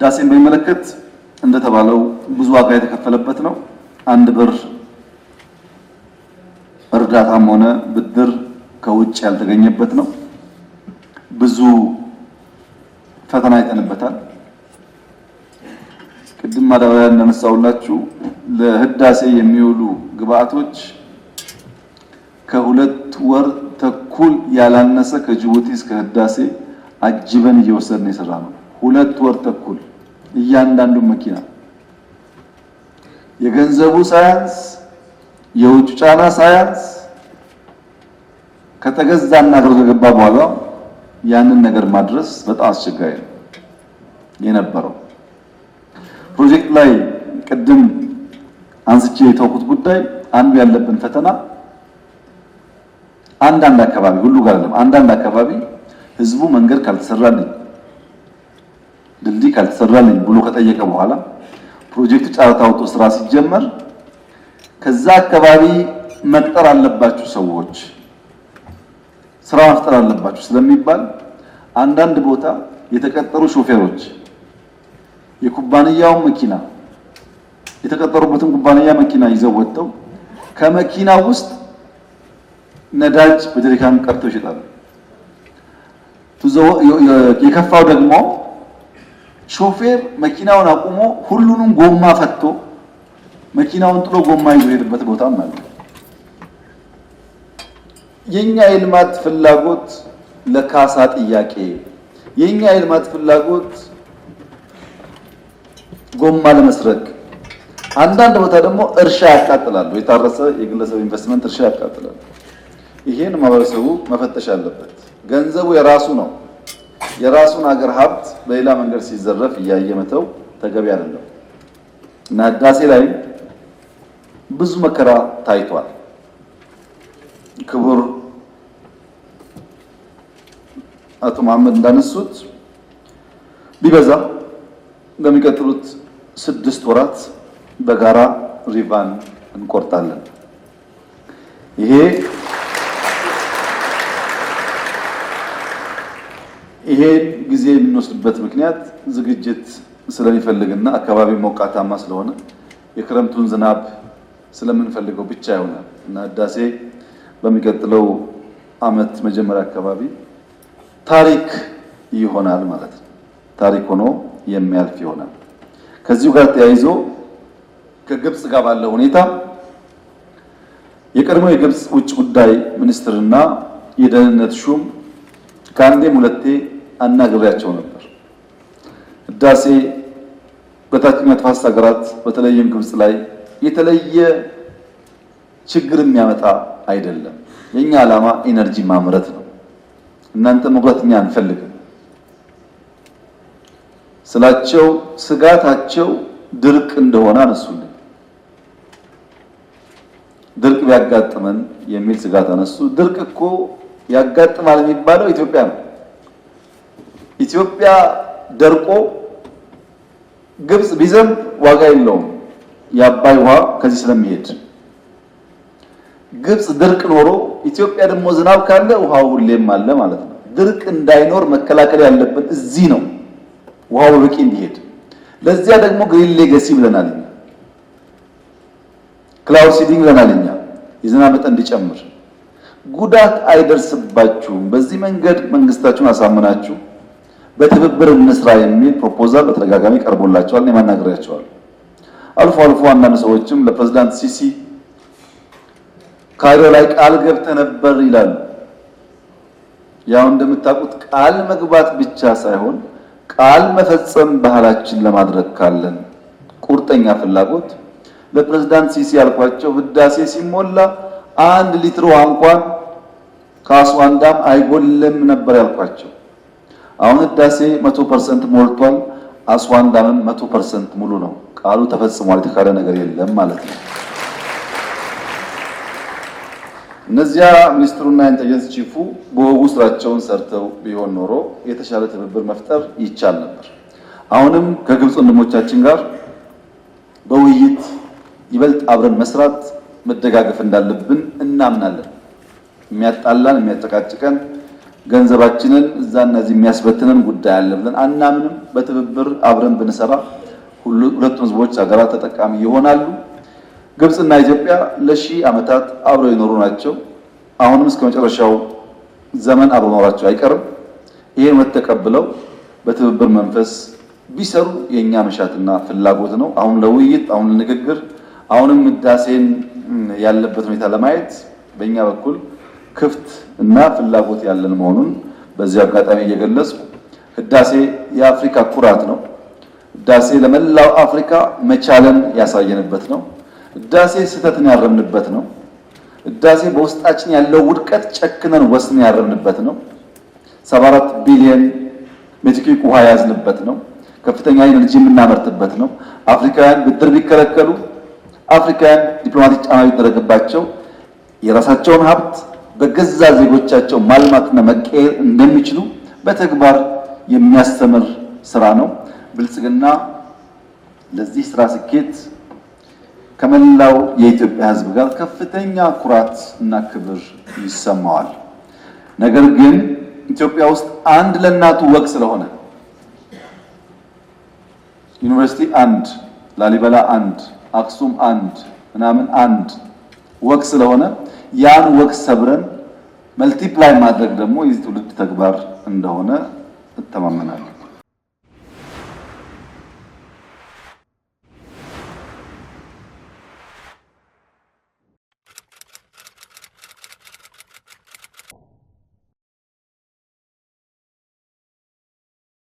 ህዳሴን በሚመለከት እንደተባለው ብዙ ዋጋ የተከፈለበት ነው። አንድ ብር እርዳታም ሆነ ብድር ከውጭ ያልተገኘበት ነው። ብዙ ፈተና አይተንበታል። ቅድም ማዳበሪያ እንደመሳውላችሁ ለህዳሴ የሚውሉ ግብአቶች ከሁለት ወር ተኩል ያላነሰ ከጅቡቲ እስከ ህዳሴ አጅበን እየወሰድን የሰራ ነው። ሁለት ወር ተኩል እያንዳንዱ መኪና የገንዘቡ ሳያንስ የውጭ ጫና ሳያንስ ከተገዛና አገር ከገባ በኋላ ያንን ነገር ማድረስ በጣም አስቸጋሪ ነው የነበረው። ፕሮጀክት ላይ ቅድም አንስቼ የተውኩት ጉዳይ አንዱ ያለብን ፈተና አንዳንድ አካባቢ ሁሉ ጋር አይደለም፣ አንዳንድ አካባቢ ህዝቡ መንገድ ካልተሰራልኝ ካልተሰራልኝ ብሎ ከጠየቀ በኋላ ፕሮጀክቱ ጨረታ ወጥቶ ስራ ሲጀመር ከዛ አካባቢ መቅጠር አለባችሁ ሰዎች ስራ መፍጠር አለባችሁ ስለሚባል አንዳንድ ቦታ የተቀጠሩ ሾፌሮች የኩባንያውን መኪና የተቀጠሩበትን ኩባንያ መኪና ይዘው ወጥተው ከመኪና ውስጥ ነዳጅ በጀሪካን ቀርተው ይሸጣሉ። የከፋው ደግሞ ሾፌር መኪናውን አቁሞ ሁሉንም ጎማ ፈቶ መኪናውን ጥሎ ጎማ ይዞ ሄድበት ቦታም አለ። የኛ የልማት ፍላጎት ለካሳ ጥያቄ፣ የኛ የልማት ፍላጎት ጎማ ለመስረቅ፣ አንዳንድ ቦታ ደግሞ እርሻ ያቃጥላሉ። የታረሰ የግለሰብ ኢንቨስትመንት እርሻ ያቃጥላሉ። ይሄን ማህበረሰቡ መፈተሽ አለበት። ገንዘቡ የራሱ ነው። የራሱን ሀገር ሀብት በሌላ መንገድ ሲዘረፍ እያየ መተው ተገቢ አይደለም እና ህዳሴ ላይ ብዙ መከራ ታይቷል። ክቡር አቶ መሐመድ እንዳነሱት ቢበዛ በሚቀጥሉት ስድስት ወራት በጋራ ሪቫን እንቆርጣለን። ይሄ ይሄን ጊዜ የምንወስድበት ምክንያት ዝግጅት ስለሚፈልግና አካባቢ ሞቃታማ ስለሆነ የክረምቱን ዝናብ ስለምንፈልገው ብቻ ይሆናል እና ህዳሴ በሚቀጥለው ዓመት መጀመሪያ አካባቢ ታሪክ ይሆናል ማለት ነው። ታሪክ ሆኖ የሚያልፍ ይሆናል። ከዚሁ ጋር ተያይዞ ከግብፅ ጋር ባለው ሁኔታ የቀድሞ የግብፅ ውጭ ጉዳይ ሚኒስትርና የደህንነት ሹም ከአንዴም ሁለቴ አናግሬያቸው ነበር። ህዳሴ በታችኛው ተፋሰስ ሀገራት በተለይም ግብጽ ላይ የተለየ ችግር የሚያመጣ አይደለም። የኛ ዓላማ ኢነርጂ ማምረት ነው። እናንተ መጉዳት እኛ አንፈልግም ስላቸው ስጋታቸው ድርቅ እንደሆነ አነሱልኝ። ድርቅ ቢያጋጥመን የሚል ስጋት አነሱ። ድርቅ እኮ ያጋጥማል የሚባለው ኢትዮጵያ ነው። ኢትዮጵያ ደርቆ ግብጽ ቢዘንብ ዋጋ የለውም የአባይ ውሃ ከዚህ ስለሚሄድ ግብጽ ድርቅ ኖሮ ኢትዮጵያ ደግሞ ዝናብ ካለ ውሃው ሁሌም አለ ማለት ነው። ድርቅ እንዳይኖር መከላከል ያለብን እዚህ ነው፣ ውሃው በበቂ እንዲሄድ። ለዚያ ደግሞ ግሪን ሌጋሲ ብለናል፣ ክላውድ ሲዲንግ ብለናል። እኛ የዝናብ መጠን እንዲጨምር ጉዳት አይደርስባችሁም። በዚህ መንገድ መንግስታችሁን አሳምናችሁ በትብብር እንስራ የሚል ፕሮፖዛል በተደጋጋሚ ቀርቦላቸዋል። እኔ ማናገሪያቸዋል። አልፎ አልፎ አንዳንድ ሰዎችም ለፕሬዚዳንት ሲሲ ካይሮ ላይ ቃል ገብተ ነበር ይላሉ። ያው እንደምታውቁት ቃል መግባት ብቻ ሳይሆን ቃል መፈጸም ባህላችን ለማድረግ ካለን ቁርጠኛ ፍላጎት ለፕሬዝዳንት ሲሲ ያልኳቸው ህዳሴ ሲሞላ አንድ ሊትር ውሃ እንኳን ከአስዋን አይጎልም ነበር ያልኳቸው። አሁን ህዳሴ 100% ሞልቷል። አስዋን ዳምን 100% ሙሉ ነው። ቃሉ ተፈጽሟል። የተካለ ነገር የለም ማለት ነው። እነዚያ ሚኒስትሩና ኢንተሊጀንስ ቺፉ በወጉ ስራቸውን ሰርተው ቢሆን ኖሮ የተሻለ ትብብር መፍጠር ይቻል ነበር። አሁንም ከግብፅ ወንድሞቻችን ጋር በውይይት ይበልጥ አብረን መስራት መደጋገፍ እንዳለብን እናምናለን። የሚያጣላን የሚያጨቃጭቀን ገንዘባችንን እዛ እነዚህ የሚያስበትንን ጉዳይ አለ ብለን አናምንም። በትብብር አብረን ብንሰራ ሁለቱም ህዝቦች፣ ሀገራት ተጠቃሚ ይሆናሉ። ግብፅና ኢትዮጵያ ለሺህ ዓመታት አብረው የኖሩ ናቸው። አሁንም እስከ መጨረሻው ዘመን አብረው መኖራቸው አይቀርም። ይህን እውነት ተቀብለው በትብብር መንፈስ ቢሰሩ የእኛ መሻትና ፍላጎት ነው። አሁን ለውይይት፣ አሁን ለንግግር፣ አሁንም ህዳሴን ያለበት ሁኔታ ለማየት በእኛ በኩል ክፍት እና ፍላጎት ያለን መሆኑን በዚህ አጋጣሚ እየገለጽ ህዳሴ የአፍሪካ ኩራት ነው። ህዳሴ ለመላው አፍሪካ መቻለን ያሳየንበት ነው። ህዳሴ ስህተትን ያረምንበት ነው። ህዳሴ በውስጣችን ያለው ውድቀት ጨክነን ወስን ያረምንበት ነው። 74 ቢሊዮን ሜትሪክ ውሃ የያዝንበት ነው። ከፍተኛ ኤነርጂ የምናመርትበት ነው። አፍሪካውያን ብድር ቢከለከሉ፣ አፍሪካውያን ዲፕሎማቲክ ጫና ቢደረግባቸው የራሳቸውን ሀብት በገዛ ዜጎቻቸው ማልማትና መቀየር እንደሚችሉ በተግባር የሚያስተምር ስራ ነው። ብልጽግና ለዚህ ስራ ስኬት ከመላው የኢትዮጵያ ሕዝብ ጋር ከፍተኛ ኩራት እና ክብር ይሰማዋል። ነገር ግን ኢትዮጵያ ውስጥ አንድ ለእናቱ ወግ ስለሆነ ዩኒቨርሲቲ አንድ፣ ላሊበላ አንድ፣ አክሱም አንድ፣ ምናምን አንድ ወግ ስለሆነ ያን ወግ ሰብረን መልቲፕላይ ማድረግ ደግሞ የዚህ ትውልድ ተግባር እንደሆነ እተማመናለሁ።